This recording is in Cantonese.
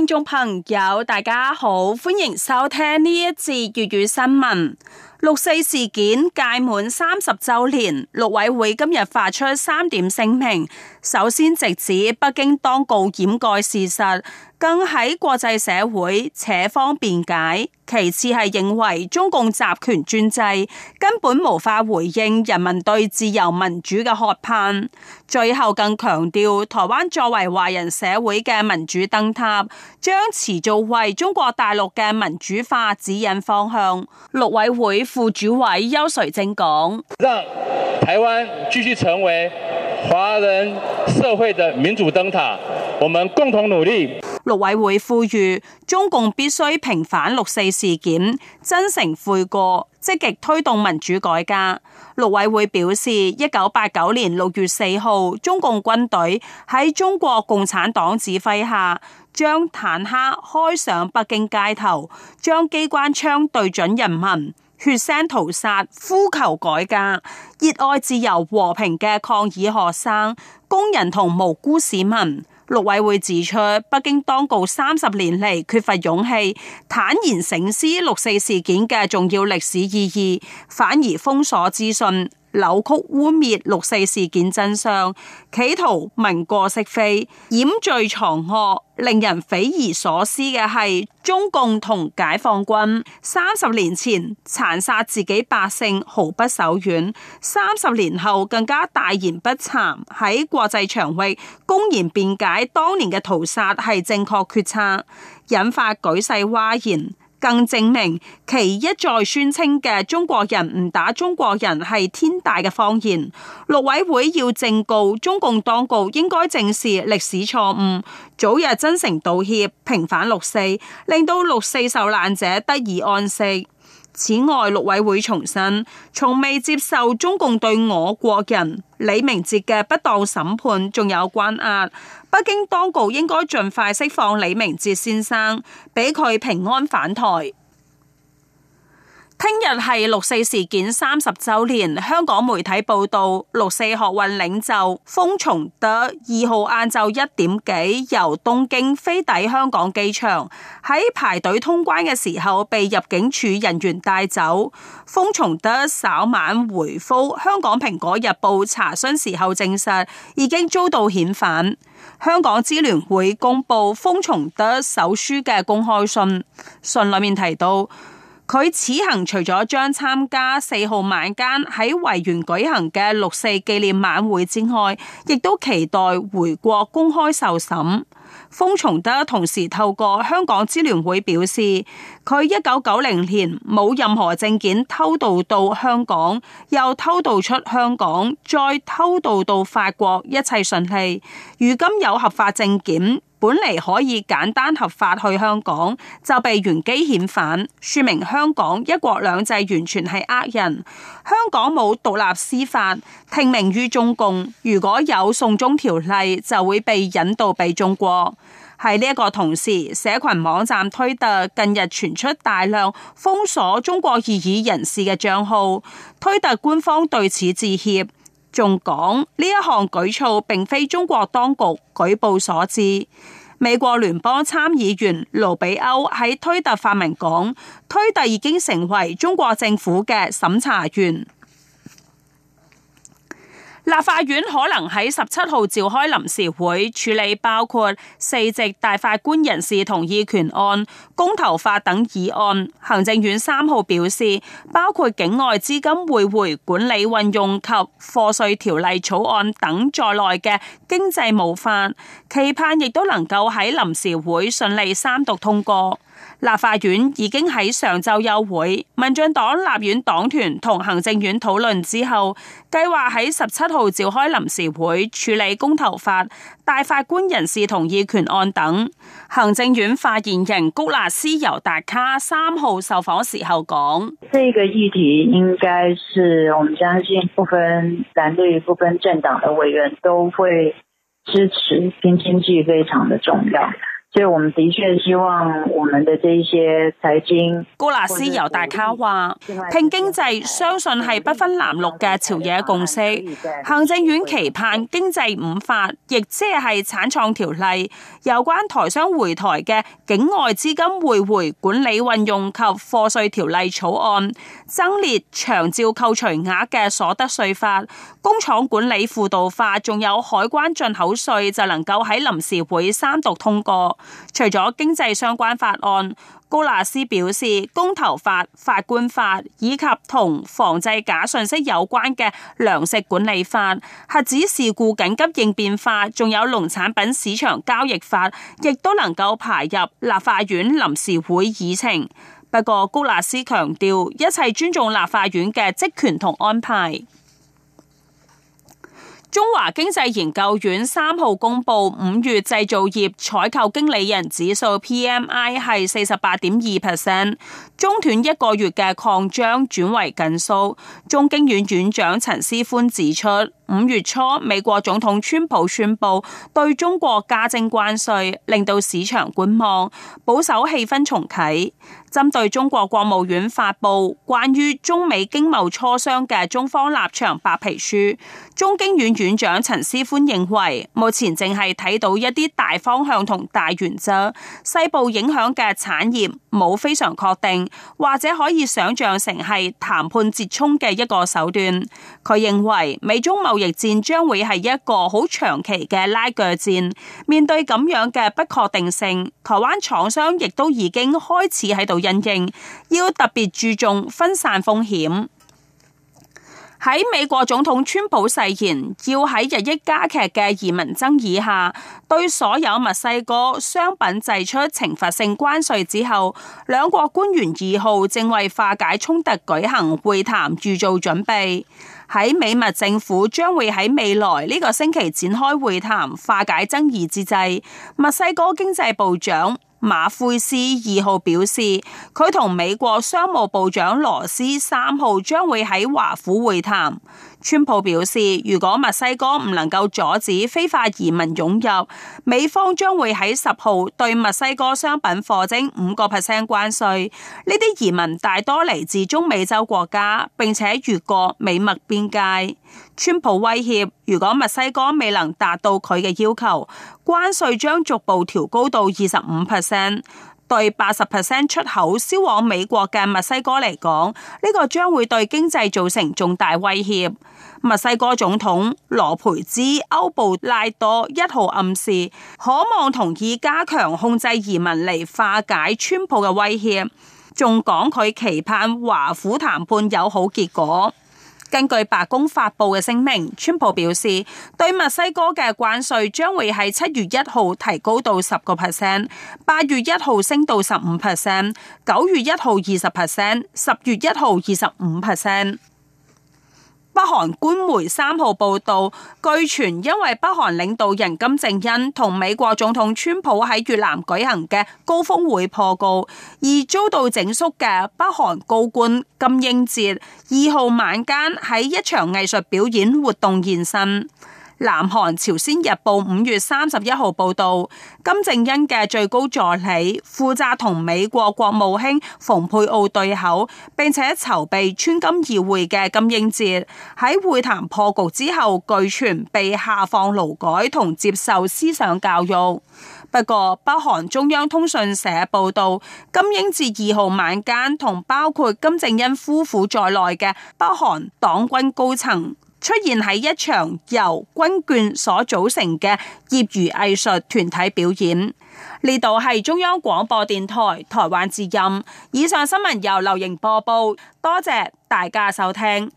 聽眾朋友，大家好，歡迎收聽呢一節粵語新聞。六四事件屆滿三十周年，陸委會今日發出三點聲明：首先直指北京當局掩蓋事實，更喺國際社會且方辯解；其次係認為中共集權專制根本無法回應人民對自由民主嘅渴盼；最後更強調台灣作為華人社會嘅民主燈塔，將持續為中國大陸嘅民主化指引方向。陸委會。副主委邱瑞正講，讓台灣繼續成為華人社會的民主燈塔，我們共同努力。陸委會呼籲中共必須平反六四事件，真誠悔過，積極推動民主改革。陸委會表示，一九八九年六月四號，中共軍隊喺中國共產黨指揮下，將坦克開上北京街頭，將機關槍對準人民。血腥屠殺、呼求改革、熱愛自由和平嘅抗議學生、工人同無辜市民，陸委會指出，北京當局三十年嚟缺乏勇氣坦然省思六四事件嘅重要歷史意義，反而封鎖資訊。扭曲污蔑六四事件真相，企圖文過飾非、掩罪藏惡，令人匪夷所思嘅係中共同解放軍三十年前殘殺自己百姓毫不手軟，三十年後更加大言不慚喺國際場域公然辯解當年嘅屠殺係正確決策，引發舉世譁然。更證明其一再宣稱嘅中國人唔打中國人係天大嘅謊言。陸委會要正告中共當局應該正視歷史錯誤，早日真誠道歉，平反六四，令到六四受難者得以安息。此外，陸委會重申從未接受中共對我國人李明哲嘅不當審判，仲有關押。北京當局應該盡快釋放李明哲先生，俾佢平安返台。聽日係六四事件三十周年，香港媒體報道，六四學運領袖封從德二號晏晝一點幾由東京飛抵香港機場，喺排隊通關嘅時候被入境處人員帶走。封從德稍晚回覆《香港蘋果日報》查詢時候證實，已經遭到遣返。香港支聯會公布封從德手書嘅公開信，信裏面提到。佢此行除咗將參加四號晚間喺維園舉行嘅六四紀念晚會之外，亦都期待回國公開受審。封從德同時透過香港支聯會表示，佢一九九零年冇任何證件偷渡到香港，又偷渡出香港，再偷渡到法國，一切順利，如今有合法證件。本嚟可以簡單合法去香港，就被原機遣返，説明香港一國兩制完全係呃人。香港冇獨立司法，聽命於中共。如果有送中條例，就會被引渡俾中國。喺呢一個同時，社群網站推特近日傳出大量封鎖中國異議人士嘅帳號，推特官方對此致歉。仲講呢一項舉措並非中國當局舉報所致。美國聯邦參議員盧比歐喺推特發文講：推特已經成為中國政府嘅審查員。立法院可能喺十七號召開臨時會處理包括四席大法官人事同意權案、公投法等議案。行政院三號表示，包括境外資金匯回管理運用及課稅條例草案等在內嘅經濟五法，期盼亦都能夠喺臨時會順利三讀通過。立法院已經喺上晝休會，民進黨立院黨團同行政院討論之後計劃喺十七號召開臨時會處理公投法、大法官人事同意權案等。行政院發言人谷納斯尤達卡三號受訪時候講，這個議題應該是我們相信不分藍綠、不分政黨嘅委員都會支持，因經濟非常的重要。所以，我們的確希望我們的這些財經高納斯油大咖話，拼經濟相信係不分藍綠嘅朝野共識。行政院期盼經濟五法，亦即係產創條例、有關台商回台嘅境外資金匯回管理運用及課稅條例草案、增列長照扣除額嘅所得稅法、工廠管理輔導法，仲有海關進口稅就能夠喺臨時會三讀通過。除咗經濟相關法案，高納斯表示，公投法、法官法以及同防制假信息有關嘅糧食管理法、核子事故緊急應變法，仲有農產品市場交易法，亦都能夠排入立法院臨時會議程。不過，高納斯強調，一切尊重立法院嘅職權同安排。中華經濟研究院三號公布五月製造業採購經理人指數 PMI 係四十八點二 percent，中斷一個月嘅擴張，轉為緊縮。中經院院長陳思寬指出，五月初美國總統川普宣布對中國加徵關稅，令到市場觀望，保守氣氛重啟。針對中國國務院發布關於中美經貿磋商嘅中方立場白皮書，中經院院。院長陳思寬認為，目前淨係睇到一啲大方向同大原則，西部影響嘅產業冇非常確定，或者可以想象成係談判折衝嘅一個手段。佢認為美中貿易戰將會係一個好長期嘅拉鋸戰。面對咁樣嘅不確定性，台灣廠商亦都已經開始喺度因應，要特別注重分散風險。喺美國總統川普誓言要喺日益加劇嘅移民爭議下，對所有墨西哥商品祭出懲罰性關稅之後，兩國官員二號正為化解衝突舉行會談，預做準備。喺美墨政府將會喺未來呢個星期展開會談，化解爭議之際，墨西哥經濟部長。馬菲斯二號表示，佢同美國商務部長羅斯三號將會喺華府會談。川普表示，如果墨西哥唔能夠阻止非法移民湧入，美方將會喺十號對墨西哥商品課徵五個 percent 關稅。呢啲移民大多嚟自中美洲國家，並且越過美墨邊界。川普威脅，如果墨西哥未能達到佢嘅要求，關稅將逐步調高到二十五 percent。對八十 percent 出口銷往美國嘅墨西哥嚟講，呢、這個將會對經濟造成重大威脅。墨西哥總統羅培茲歐布拉多一號暗示，可望同意加強控制移民嚟化解川普嘅威脅，仲講佢期盼華府談判有好結果。根據白宮發布嘅聲明，川普表示對墨西哥嘅關稅將會喺七月一號提高到十個 percent，八月一號升到十五 percent，九月一號二十 percent，十月一號二十五 percent。北韓官媒三號報道，據傳因為北韓領導人金正恩同美國總統川普喺越南舉行嘅高峰會破局，而遭到整肅嘅北韓高官金英哲，二號晚間喺一場藝術表演活動現身。南韓朝鮮日報五月三十一號報道，金正恩嘅最高助理負責同美國國務卿蓬佩奧對口，並且籌備川金二會嘅金英哲喺會談破局之後，據傳被下放勞改同接受思想教育。不過，北韓中央通訊社報道，金英哲二號晚間同包括金正恩夫婦在內嘅北韓黨軍高層。出現喺一場由軍眷所組成嘅業餘藝術團體表演，呢度係中央廣播電台，台灣之音。以上新聞由劉盈播報，多謝大家收聽。